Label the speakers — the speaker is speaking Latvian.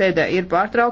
Speaker 1: sēdē ir pārtraukums.